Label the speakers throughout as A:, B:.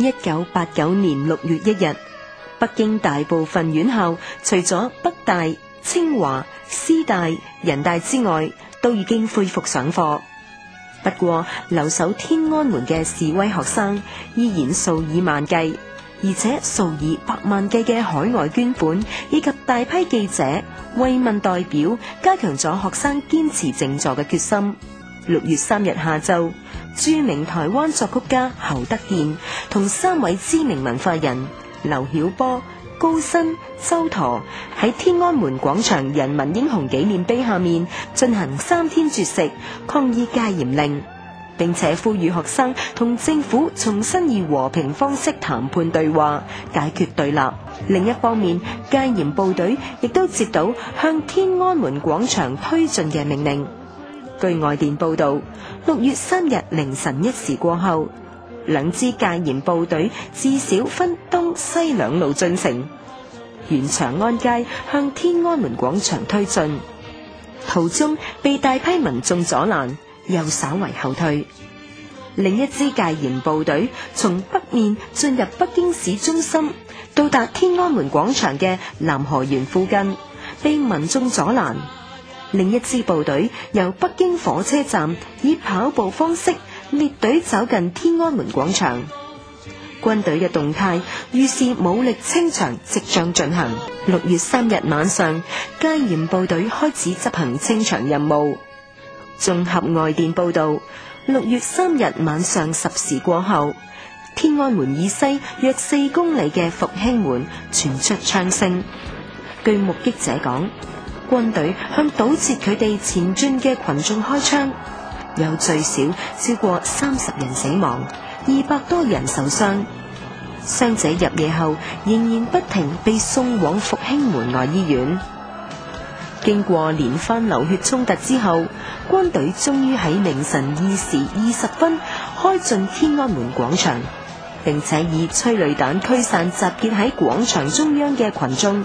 A: 一九八九年六月一日，北京大部分院校，除咗北大、清華、師大、人大之外，都已經恢復上課。不過，留守天安門嘅示威學生依然數以萬計，而且數以百萬計嘅海外捐款以及大批記者慰問代表，加強咗學生堅持靜坐嘅決心。六月三日下晝。著名台灣作曲家侯德健同三位知名文化人劉曉波、高新、周陀喺天安門廣場人民英雄紀念碑下面進行三天絕食抗議戒嚴令，並且呼籲學生同政府重新以和平方式談判對話解決對立。另一方面，戒嚴部隊亦都接到向天安門廣場推進嘅命令。據外電報道，六月三日凌晨一時過後，兩支戒嚴部隊至少分東西兩路進城，沿長安街向天安門廣場推進，途中被大批民眾阻攔，又稍為後退。另一支戒嚴部隊從北面進入北京市中心，到達天安門廣場嘅南河沿附近，被民眾阻攔。另一支部隊由北京火車站以跑步方式列隊走近天安門廣場，軍隊嘅動態預示武力清場即將進行。六月三日晚上，戒嚴部隊開始執行清場任務。綜合外電報道，六月三日晚上十時過後，天安門以西約四公里嘅復興門傳出槍聲。據目擊者講，軍隊向堵截佢哋前進嘅群眾開槍，有最少超過三十人死亡，二百多人受傷。傷者入夜後仍然不停被送往復興門外醫院。經過連番流血衝突之後，軍隊終於喺凌晨二時二十分開進天安門廣場，並且以催淚彈驅散集結喺廣場中央嘅群眾。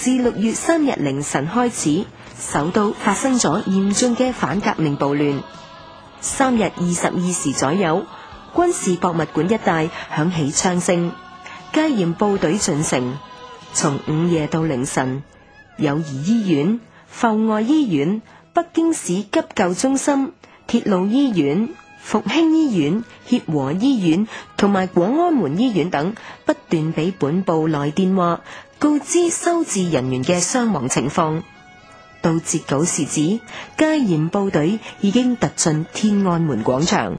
A: 自六月三日凌晨開始，首都發生咗嚴重嘅反革命暴亂。三日二十二時左右，軍事博物館一帶響起槍聲，戒嚴部隊進城。從午夜到凌晨，友誼醫院、阜外醫院、北京市急救中心、鐵路醫院。復興醫院、協和醫院同埋廣安門醫院等不斷俾本報來電話，告知收治人員嘅傷亡情況。到截稿時止，戒嚴部隊已經突進天安門廣場。